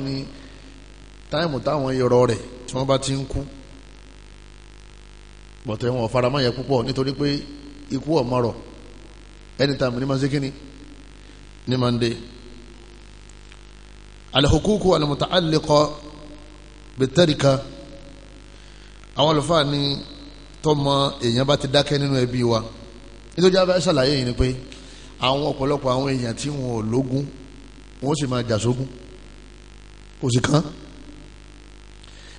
kan ní táìmù táwọn irọ́ rẹ̀ tí wọ́n bá ti ń kú bọ̀tẹ́ wọn fara mọ́ yẹn púpọ̀ nítorí pé ikú ọ̀mọ́rọ̀ anytime ní máa ń ṣe kíni ní máa ń dé. alhuququ almuta'alliqa bitarika àwọn àlùfáà ní tọmọ èèyàn bá ti dákẹ́ nínú ẹbí wa nítorí abẹ́ ṣàlàyé yìí ni pé àwọn ọ̀pọ̀lọpọ̀ àwọn èèyàn tí wọn ò lógún wọn sì máa jà sógún kò sì kán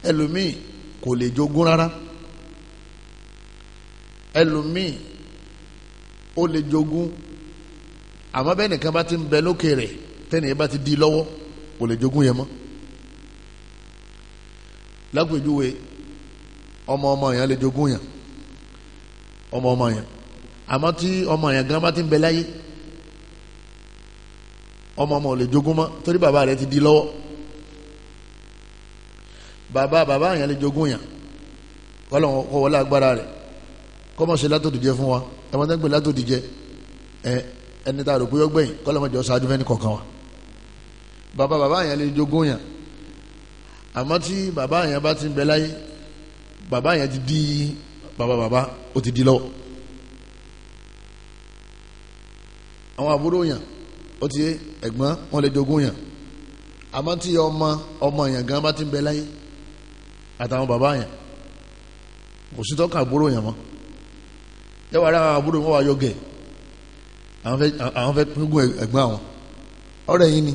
ẹlòmíì kò lè jogún rárá ẹlòmíì ó lè jogún àmọ́ bẹ́ẹ̀ nìkan bá ti ń bẹ lókè rẹ̀ tẹ́nìyẹn bá ti di lọ́wọ́ kò lè jogún yẹn mọ́ lápèjúwe ọmọ ọmọ yẹn lè jogún yẹn ọmọ ọmọ yẹn àmọ́ tí ọmọ yẹn gan bá ti ń bẹ láyé ọmọ ọmọ lè jogún mọ́ torí bàbá rẹ̀ ti di lọ́wọ́ Baba, baba yẹn le jogún yàn kọ́lọ́n kọ́ wọlé agbára rẹ̀ kọ́mọ̀ ṣe látòdìjẹ fún wa ẹ̀wọ̀n tẹ́ ń pè látòdìjẹ ẹ ẹni tá a rò pé ọgbẹ́yìn kọ́lọ́n mọ̀jọ́ ṣáájú fẹ́ni kọ̀ọ̀kan wa bàbá bàbá yẹn lè jogún yàn àmọ́ tí bàbá yẹn bá ti ń bẹ láyé bàbá yẹn ti di baba, baba, ó ti di lọ́wọ́ àwọn àbúrò yàn ó ti ẹ̀gbọ́n wọn lè jogún yàn àmọ́ tí ọmọ ọmọ yàn gan bá ti bẹ láyé àtàwọn bàbá yẹn kò sí tọ́ka àbúrò yẹn mọ́ yẹ́wà rẹ̀ àwọn àbúrò wọn wá yọ gẹ̀ àwọn fẹ́ píngun ẹ̀gbọ́n àwọn ọ̀rẹ́ yìí ni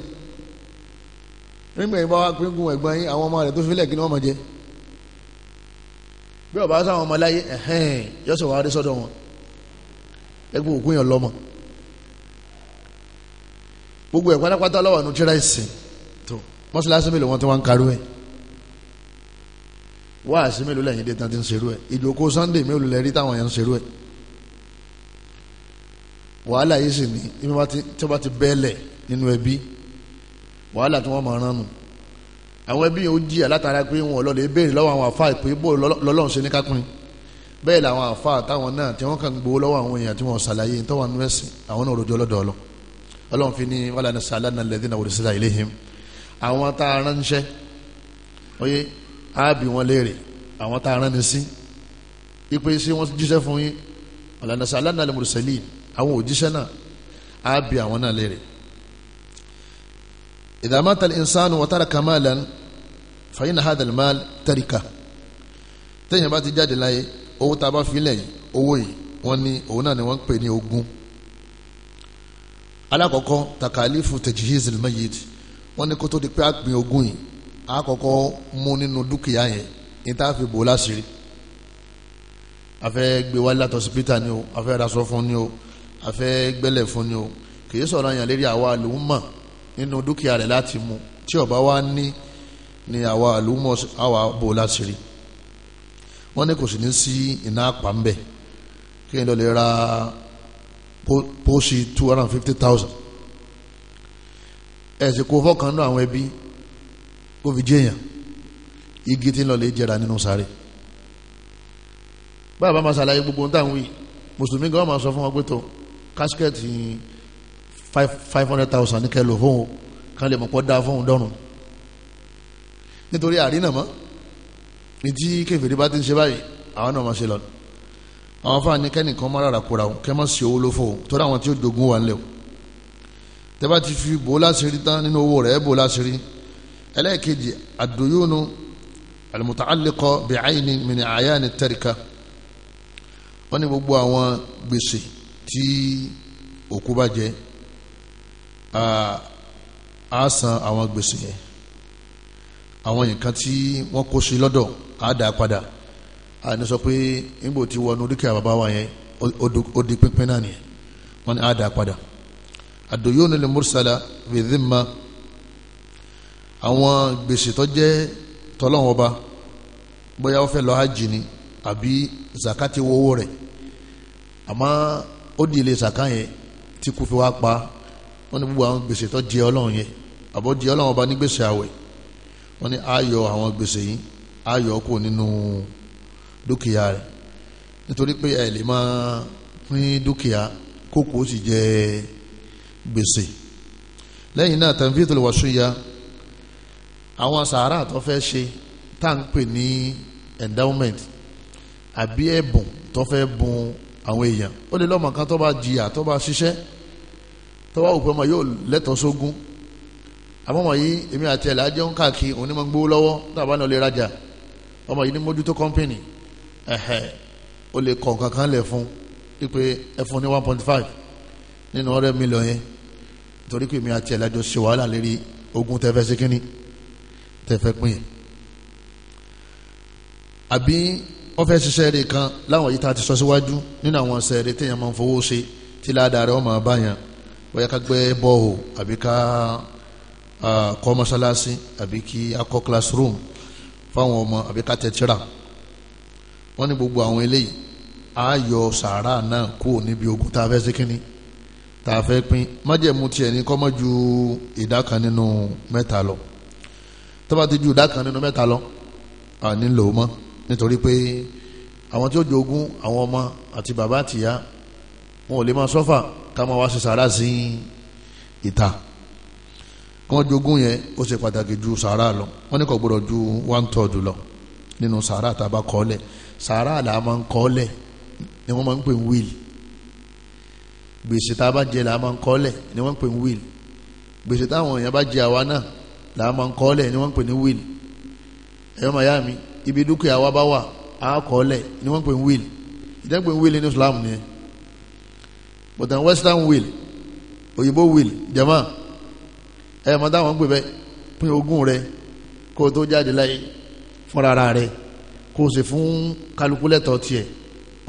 nígbà yìí bá wá píngun ẹ̀gbọ́n yìí àwọn ọmọ rẹ̀ tó fílẹ̀ kí ni wọ́n mọ̀ jẹ́ bí ọba sáwọn ọmọ láyé ẹ̀hẹ́n yọ́sọ̀ wá dé sọ́dọ̀ wọn ẹgbẹ́ òkú yẹn lọ́mọ gbogbo ẹ̀ pátápátá lọ́wọ́ nu tíráìsì tó mọ́sálásí mélòó wọn tó wá ń karú ẹ̀ wáàsí mélòó lẹ́yìn dé tán ti ń ṣerú ẹ̀ ìjókòó sunday mélòó lẹ́rí táwọn yẹn ń ṣerú ẹ̀ wàhálà yìí sì ní tí wọ́n bá ti bẹ́ẹ̀lẹ̀ nínú ẹbí wàhálà tí wọ́n máa rán nù àwọn ẹbí yẹn ó jìyà látara pé wọn lọ́lẹ̀ béèrè lọ́wọ́ àwọn àfa ìpè bó lọ́lọ́run ṣe ní kákùnrin bẹ́ẹ̀ làwọn àfa táwọn náà tí wọ́n kàn gbowó lọ́wọ́ àwọn èèyàn tí wọ́n ṣàlàyé tó wà nínú àwọn náà rojọ́ lọ́dọ̀ ọlọ́ ọlọ́run fi ní wàhálà ní sàlánà lẹ́dínà òrìṣà ilé àwọn tá a ránṣẹ́ oyè á bi wọn léèrè àwọn tá a rán ni sí ipe ṣé wọ́n jíṣẹ́ fún yín ọ̀lànàṣà alánàlẹ́ mùsùlùmí àwọn òjíṣẹ́ náà á bi àwọn náà léèrè. إذا مات الإنسان وترك مالا فإن هذا المال تركة téèyàn bá ti jáde láyé owó tá a bá fi lẹ̀ yìí owó yìí wọ́n ní òun náà ni wọ́n ń pè ní ogún alákọ̀ọ́kọ́ takalifu tajihiz almayit wọ́n ní kó di pé a gbin ogún yìí a kọ́kọ́ mú nínú dúkìá yẹn ní tá a fi bò láṣìírí a fẹ́ gbé wálé láti hospital ni o a fẹ́ raṣọ fún ni o a fẹ́ gbẹ́lẹ̀ fún ni o kì í sọ̀rọ̀ yàn lérí àwa àlùmọ̀ nínú dúkìá rẹ̀ láti mú tí ọba wa ní ni àwa àlùmọ̀ àwa bò láṣìírí wọ́n ní kò sì ní sí iná àpá ń bẹ̀ kí n lọ lè ra pósí two hundred and fifty thousand ẹ̀sìn kò náà àwọn ẹbí kó fi jẹ́yàn igi tí ń lọ lè jẹrà nínú sáré bàbá máa ṣàlàyé gbogbo ń tàwọn yìí mùsùlùmí gan máa sọ fún wọn pé tó kásikẹ́ẹ̀tì five hundred thousand ní kẹlò fóun kan lè mọ̀ pọ́ dáa fóun dọ́rùn nítorí àrínà mọ́ ní tí kẹfìrí bá ti ń ṣe báyìí àwọn náà máa ṣe lọ àwọn fáwọn ní kẹ́nìkan máa rárá kóra òun kẹ́ máa ṣe owó ló fóun torí àwọn tí ó dogun wà ń lẹ̀ o tẹ́ bá ti fi bò láṣìírí tán nínú owó rẹ̀ bò láṣìírí ẹlẹ́ẹ̀kejì àdúyúnú àlùmùtàálẹ́kọ bíi àyìn mìíní àyàn tẹ̀ríkà wọ́n ní gbogbo àwọn gbèsè tí òkú bá jẹ á san àwọn gbèsè yẹn àwọn nǹkan tí wọ́n kó sí lọ́dọ̀ á dà padà á ní sọ pé nígbò tí wọnú dúkìá bàbá wa yẹn ó di pínpín náà nìyẹn wọ́n ní á dà padà àdúyúnú lè múrsálà bíi dhimma àwọn gbèsè tó jẹ́ tọ́lọ́wọ́n ọba bóyá ó fẹ́ lọ hajj ni àbí zakati wọ́wọ́ rẹ̀ àmọ́ ó di ilé zaka yẹn tí kò fi wá pa wọ́n ní gbogbo àwọn gbèsè tó jẹ́ ọlọ́run yẹn àbọ̀ jẹ́ ọlọ́run ọba ní gbèsè àwẹ̀ wọ́n ní ayọ̀ àwọn gbèsè yìí ayọ̀ kò nínú dúkìá rẹ̀ nítorí pé ẹ lè máa pín dúkìá kókò ó sì jẹ gbèsè lẹ́yìn náà tanfitul wasiyya àwọn sàárà tó fẹ́ ṣe tá à ń pè ní endowment àbí ẹ̀bùn tó fẹ́ bùn àwọn èèyàn ó lè lọ́mọ kan tó bá jìyà tó bá ṣiṣẹ́ tó bá wù pé ọmọ yóò lẹ́tọ̀ọ́ sógún àmọ́ ọmọ yìí èmi àti ẹ̀là jẹun káàkiri òun ni mo ń gbowó lọ́wọ́ tá a bá náà lè rajà ọmọ yìí ní mójútó kọ́ńpìnì ẹ̀hẹ̀ ó lè kọ̀ kankan lẹ̀ fún pípé ẹ fún ní one point five nínú ọ̀rẹ́ mílíọ̀n yẹn torí pé èmi àti ẹ̀là jọ ṣe wàhálà lérí ogún tẹ́fẹ́ sí kínní tẹ́fẹ́ pín yẹn àbí wọ́n fẹ́ ṣiṣẹ́ rẹ̀ kan láwọn yìí tá a ti sọ síwájú nínú àwọn ṣẹ́ rẹ̀ téèyàn máa ń fowó ṣe tí ládàá rẹ̀ wọ́n máa bá yàn bóyá ká gbẹ́ bọ́ọ̀hù àbí ká kọ́ mọ́ṣáláṣí àbí kí a kọ́ classroom fáwọn ọmọ àbí ká tẹ̀ tíra ní gbogbo àwọn eléyìí a yọ sàárà náà kúrò níbi ogun tá a fẹ́ ṣe kínní tá a fẹ́ pín májẹ̀mú tiẹ̀ ní kọ́mọ́ ju ìdá kan nínú mẹ́ta lọ tó bá ti ju ìdá kan nínú mẹ́ta lọ à nílò mọ́ nítorí pé àwọn tí ó jogún àwọn ọmọ àti bàbá àtìyá wọn ò lè máa sọ́fà ká máa wá sí sàrà sí ìta kán jogún yẹn ó ṣe pàtàkì ju sàrà lọ wọn ní kò gbọdọ̀ ju one third lọ nínú sàrà tàbá kọ́lẹ̀ sàrà là máa ń kọ́lẹ̀ ni wọ́n máa ń pè ń wíìlì gbèsè tá jẹ là máa ń kọ́lẹ̀ ni wọ́n ń pè ń wíìlì gbèsè táwọn èèyàn bá jẹ àwa náà làwọn máa ń kọ́lẹ̀ ni wọ́n ń pè ní will ẹ̀yọ́ màá yá mi ibi dúkìá wa bá wà á kọ́lẹ̀ ni wọ́n ń pè ní will ìdẹ́gbẹ̀ will ní Islam ni but an western will òyìnbó will jama ẹ mọ táwọn ń pè bẹ́ẹ̀ pín ogún rẹ kó o tó jáde láyé fúnra rẹ kó o sì fún kálukú lẹ́tọ̀ọ́ tiẹ̀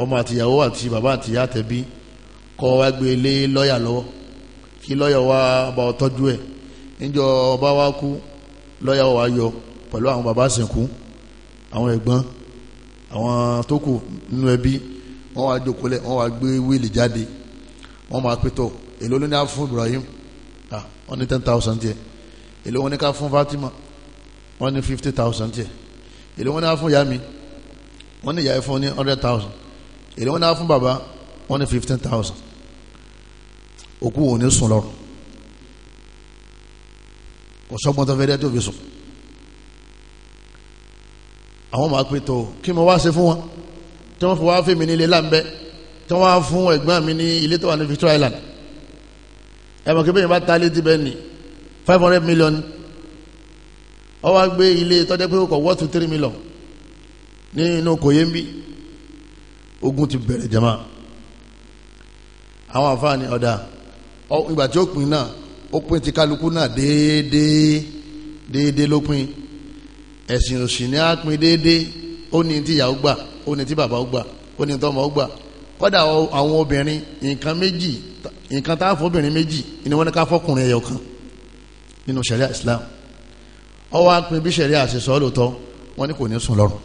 ọmọ àtìyàwó àti bàbá àtìyá àtẹ̀bí kọ́ wa gbé lé lọ́ọ̀yà lọ́wọ́ kí lọ́ọ̀yà wa bá ọ tọ́jú ẹ̀ níjọ ọba wa kú lọ́yà wa yọ pẹ̀lú àwọn bàbá sìnkú àwọn ẹ̀gbọ́n àwọn tó kù nínú ẹbí wọ́n wá jókòólẹ̀ wọ́n wá gbé wíìlì jáde wọ́n máa pétọ̀ èló ló ní á fún Ibrahim ah wọ́n ní ten thousand tiẹ̀ èló wọn ní ká fún Fatima wọ́n ní fifty thousand tiẹ̀ èló wọn ní á fún yami wọ́n ní ìyá fún ní hundred thousand èló wọn ní á fún bàbá wọ́n ní fifteen thousand òkú òní sùn lọ́rùn kò sọ́gbọ́n tó fẹ́ dẹ́ tó fi sùn àwọn máa pè tó kí mo wá ṣe fún wọn tí wọ́n fi wá fèmí ní ilé láǹbẹ́ tí wọ́n wá fún ẹ̀gbọ́n mi ní ilé tó wà ní Victoria Island ẹ̀mọ̀ kí bẹ́ẹ̀ bá ta létí bẹ́ẹ̀ ni five hundred million ọ wá gbé ilé tọ́jẹ́ pé ó kọ̀ wọ́ọ̀tù three million ní inú kòyé ń bí ogun ti bẹ̀rẹ̀ jama àwọn àfáàní ọ̀dà ìgbà tí ó pin náà ó pín ti kálukú náà déédéé déédéé ló pín ẹ̀sìn òsì ní á pín déédéé ó ní tí ìyàwó gbà ó ní tí bàbá ó gbà ó ní tọmọ ó gbà kọ́dà àwọn obìnrin nǹkan méjì nǹkan tá a fọbìnrin méjì ni wọ́n ní ká fọkùnrin ẹ̀yọ̀ kan nínú sẹ̀ríà Islam ọwọ́ apin bí sẹ̀ríà ṣe sọ ọ́ lóòótọ́ wọ́n ní kò ní sùn lọ́rùn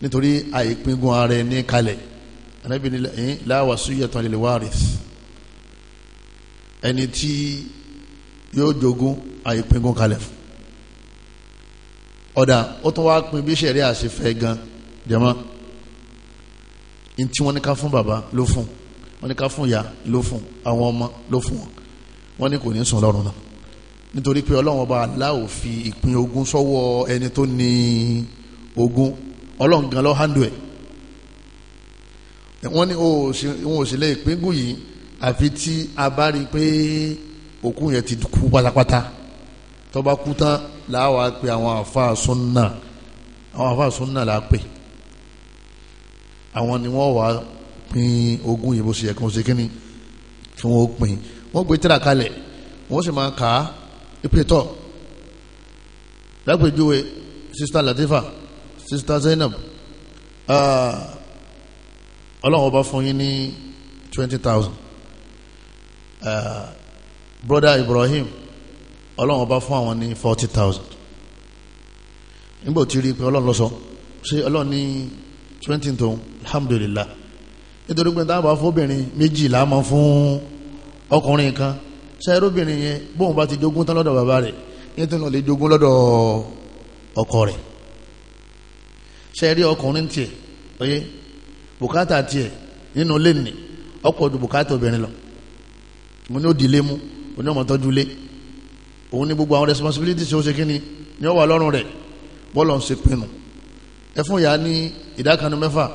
nítorí àìpingun ara ẹni kalẹ̀ anábìnrin láwàásù yẹtọ̀ lil waris ẹni tí yóò jogún àìpíngún kalẹ̀ fún ọ̀dà ó tún wá pin bí sẹ̀rí àṣefẹ́ gan jẹ́mọ́ ní tí wọ́n ní ká fún bàbá ló fún wọ́n ní ká fún ìyá ló fún àwọn ọmọ ló fún wọn wọ́n ní kò ní sùn lọ́rùn náà nítorí pé ọlọ́run ọba aláwò fi ìpín ogún sọ́wọ́ ẹni tó ní ogún ọlọ́run gan lọ́ handle ẹ̀ wọ́n ní òun ò sì lè ìpíngún yìí àfi tí a bá rí i pé òkú yẹn ti kú pátápátá tó kú tán làwa pe àwọn àfáà sunna àwọn àfáà sunna là á pè àwọn ni wọ́n wà pín ogún yìí bó ṣe yẹ kí wọ́n ṣe kíni tí wọ́n pín wọ́n gbé tíra kalẹ̀ wọ́n sì máa kà á ìpè tọ̀ lápèjúwe sista Latifa sista Zainab ah, ọlọ́run ọba fún yín ní twenty thousand Uh, broda Ibrahim ọlọ́run ọba fún àwọn ní forty thousand nígbà tí rí i pé ọlọ́run lọ sọ ṣé ní twenty tó alhamdulillah nítorí pé táwọn bá fóbìnrin méjìlá máa fún ọkùnrin kan ṣẹ́rọ́bìnrin yẹn bóun bá ti jogún tán lọ́dọ̀ bàbá rẹ̀ náà lè jogún lọ́dọ̀ ọkọ rẹ̀ ọkùnrin tiẹ̀ bùkátà tiẹ̀ nínú lẹ́nìí ju òun ni ó dìlé mú òun ni ó máa tọ́jú lé òun ni gbogbo àwọn responsibility ṣe ó ṣe kíni ni ó wà lọ́rùn rẹ̀ bọ́ọ̀lù ń ṣe pinnu ẹ fún ìyá ní ìdákanu mẹ́fà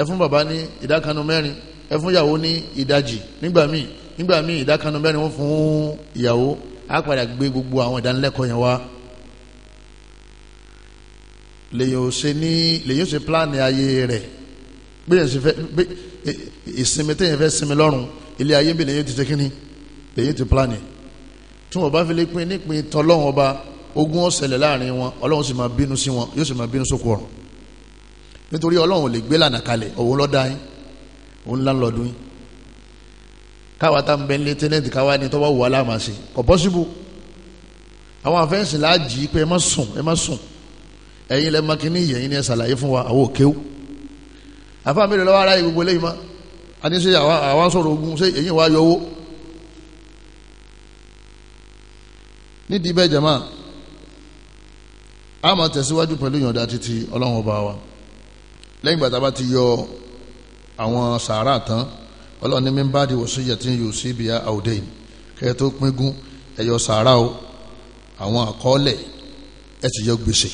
ẹ fún bàbá ní ìdákanu mẹ́rin ẹ fún ìyàwó ní ìdajì nígbà míì nígbà míì ìdákanu mẹ́rin wọ́n fún ìyàwó á padà gbé gbogbo àwọn ìdánilẹ́kọ̀ọ́ yẹn wá lèyìn ò ṣe ní ayé rẹ̀ gbéyàn ìsinmi téèyàn fẹ́ sinmi lọ́rùn ilé ayé bí lèyìn ti ṣe kínní lèyí ti plan yìí tí wọ́n bá fi lè pín nípìn tọ́lọ́hún ọba ogun ọ̀sẹ̀lẹ̀ láàrin wọn ọlọ́run sì máa bínú sí wọn yóò sì máa bínú sóko ọ̀run nítorí ọlọ́run ò lè gbé lànà kalẹ̀ òun lọ́dá yín òun ńlá lọ́dún yín káwa tá n bẹ nílé tẹ́nẹ́ǹtì káwa ni tọ́wọ́ wà láàmà sí kò pọ́síbù àwọn afẹ́ǹsì là á jì í pé ẹ má sùn ẹ má sùn ẹ̀yin lẹ́ẹ̀ makiní yẹ̀yin ni ẹ ṣàlàyé fún wa àwọn òkèw àfáà mi lọ́wọ́ ara yìí gbogbo nídìí bẹ́ẹ̀ jẹ̀mọ́ a máa tẹ̀síwájú pẹ̀lú ìyọ̀ǹda títí ọlọ́run ọba wa lẹ́yìn ìgbà tá a bá ti yọ àwọn sàárà tán ọlọ́run ní mímbá di wasiyatin yusibiya awdain kẹ́ẹ̀ tó pínkún ẹ̀yọ sàárà o àwọn àkọọ́lẹ̀ ẹ̀ ti yọ gbèsè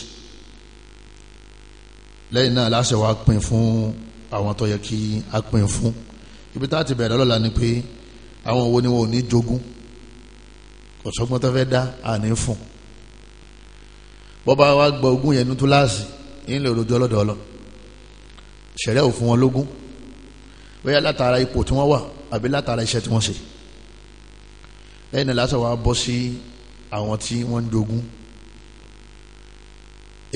lẹ́yìn náà láṣẹ wa pín fún àwọn tó yẹ kí a pín fún ibi tá a ti bẹ̀rẹ̀ lọ́la ni pé àwọn wo ni wọn ò ní jogún kò sọ́gbọ́n tó fẹ́ dá àní fún bọ́ba wa gbọ́ ogún yẹn ní túláàsì yín lè rojú ọlọ́dọ̀ ṣẹ̀rẹ́ ò fún wọn lógún bóyá látara ipò tí wọ́n wà àbí látara iṣẹ́ tí wọ́n ṣe ẹ̀yìn lásán wa bọ́ sí àwọn tí wọ́n ń jogún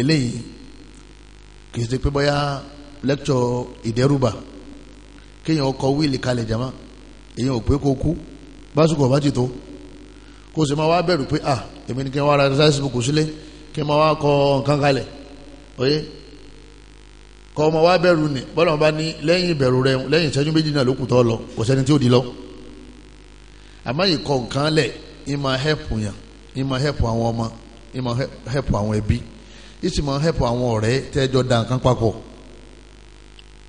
eléyìí kì í ṣe pé bóyá lẹ́kítọ̀ ìdẹ́rùbà kéèyàn kọ wíìlì kalẹ̀ jama èèyàn ò pé kó kú básùkò bá ti tó kó sì máa wá bẹ̀rù pé à ah, èmi ni kí n wá ra sáyẹ́sì bùkù sílé kí n máa wá kọ nǹkan kalẹ̀ oyé kọ́ ọmọ wá bẹ̀rù ni bọ́lá wọn bá ní lẹ́yìn ìbẹ̀rù rẹ lẹ́yìn ìṣẹ́jú méjì náà ló kù tọ́ lọ kò sẹ́ni tí ò di lọ. àmọ́ ìkọ̀ nǹkan lẹ̀ ì máa hẹ́pù yàn ì máa hẹ́pù àwọn ọmọ ì máa hẹ́pù àwọn ẹbí ì sì máa hẹ́pù àwọn ọ̀rẹ́ tẹ́jọ́ da nǹkan papọ̀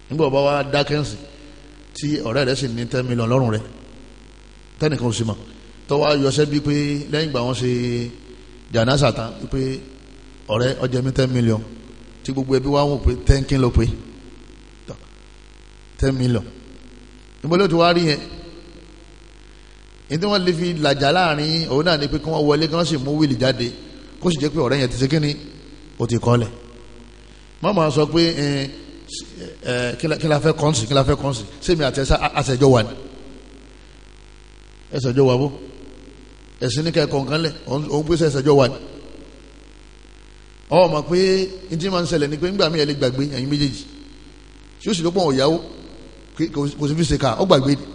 nígbà wọn bá wá dákẹ́ǹsì tí ọ̀rẹ́ rẹ sì ní ten million lọ́rùn rẹ tẹ́nìkan ò sì mọ̀ tó wá yọṣẹ́ bíi pé lẹ́yìn ìgbà wọn ṣe jàǹdàṣà tán pé ọ̀rẹ́ ọjẹ́ mi ten million tí gbogbo ẹbí wa wò pé ten kí n pé ten million níbo ló ti wá rí yẹn ní tí wọ́n lè fi làjà láàrin òun náà ni pé kí wọ́n wọlé kí wọ́n sì mú wíìlì jáde kó sì jẹ́ pé ọ̀rẹ́ yẹn ti ṣe kí ni o ti kọ́ lẹ̀ mọ́mọ́ sọ pé kí la fẹ́ kọ́ńsì kí la fẹ́ kọ́ńsì sẹ́mi àti ẹ̀sẹ̀ àṣẹjọ́ wà ní ẹ̀sẹ̀jọ́ wà bó ẹ̀sìn ní kẹ́kọ̀ọ́ nǹkan lẹ̀ òun gbèsè ẹ̀sẹ̀jọ́ wa ni ọmọ pé n tí máa ń ṣẹlẹ̀ ni pé nígbà míì ẹ lè gbàgbé ẹ̀yin méjèèjì tí ó sì ló pọ̀ òyàwó kò sí fi ṣe ká ọ gbàgbé ni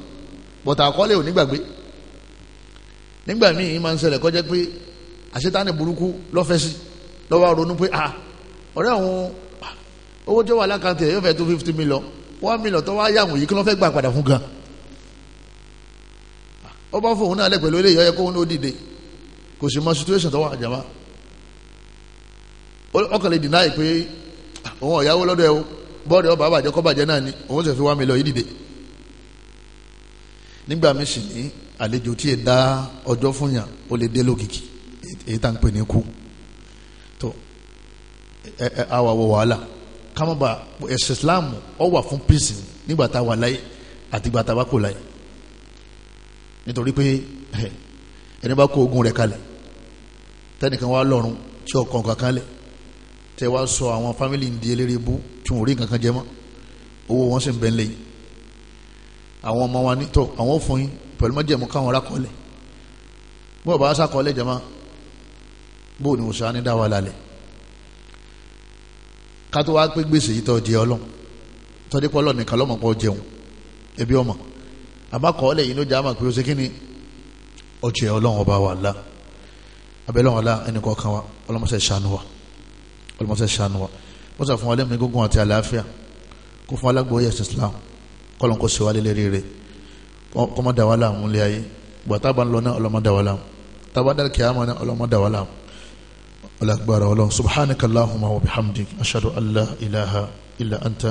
bọ̀tà àkọọ́lẹ̀ ò ní gbàgbé nígbà míì máa ń ṣẹlẹ̀ kọjá pé àṣetánì burúkú lọ́fẹ́ sí lọ́wọ́ ronú pé ah ọ̀rẹ́ àwọn ah, owó tí ó wà lákàntì ẹ̀ yóò fẹ́ tó fifty million one million tó wá yàwùn yìí kí ló fẹ́ gbà padà fún gan-an ó bá fòun náà lẹ pẹ̀lú eléyìí ó yẹ kóun ó dìde kò sì mọ situation tó wà jama ọkàn lè deny pé ah, òun ọ̀yáwó lọ́dọ̀ ẹ o bọ́ọ̀dù ọba àbàjẹ́ kọ́bàjẹ́ náà ni òun sì fi wá mi lọ yìí dìde nígbà mi sì ní àlejò tí ì dá ọjọ́ fún yàn ó lè dé lókìkí èyí tá n pè ní kú tó ẹ ẹ àwa wọ wàhálà kámọ́ba ẹ̀sìn Islam ó wà fún peace nígbà tá a wà láyé àtìgbà tá a bá kò láyé nítorí pé ẹni bá kó ogun rẹ̀ kalẹ̀ tẹ́nìkan wá lọ́rùn tí ọkàn kankan lẹ̀ tẹ́ wá sọ àwọn fámìlì ń di eléré bú tí wọn ò rí kankan jẹ mọ́ owó wọn sì ń bẹ́ ń lẹ́yìn àwọn ọmọ wa ní tọ́ àwọn ò fún yín pẹ̀lú mọ́jẹ̀mú káwọn ará kọ́lẹ̀ bó o bá sàkọ́lẹ̀ jẹ́ bó o òṣà ní dáwà lálẹ́ ká tó wá pé gbèsè yìí tọ́ jẹ ọlọ́run tọ́jú pọ́lọ́ nìkan lọ́mọ̀pọ̀ jẹun ẹbí ọmọ àbákọọ́lẹ̀ yìí ló já mà pé ó ṣe kí ni ọjọ́ ọlọ́run ọba wa la abẹ́lẹ́wọ̀n la ẹnì kọ̀ọ̀kan wa ọlọ́mọṣẹ́ ṣàánú wa ọlọ́mọṣẹ́ ṣàánú wa wọ́n sàfún wa lẹ́mìí gúngún àti àlàáfíà kó fún alágbóyè ẹ̀sìn Islam kọ́lọ́n kó ṣe wa lélẹ́rí rẹ̀ kọ́mọdà wa làwọn ilé ayé gbàtà bá ń lọ náà ọlọ́mọdà wa làwọn tabadal kiyama náà ọlọ́mọdà wa làwọn ọlọ́gbàrà ọlọ́run subhanakallahumma wa bihamdik ashadu allah ilaha illa anta.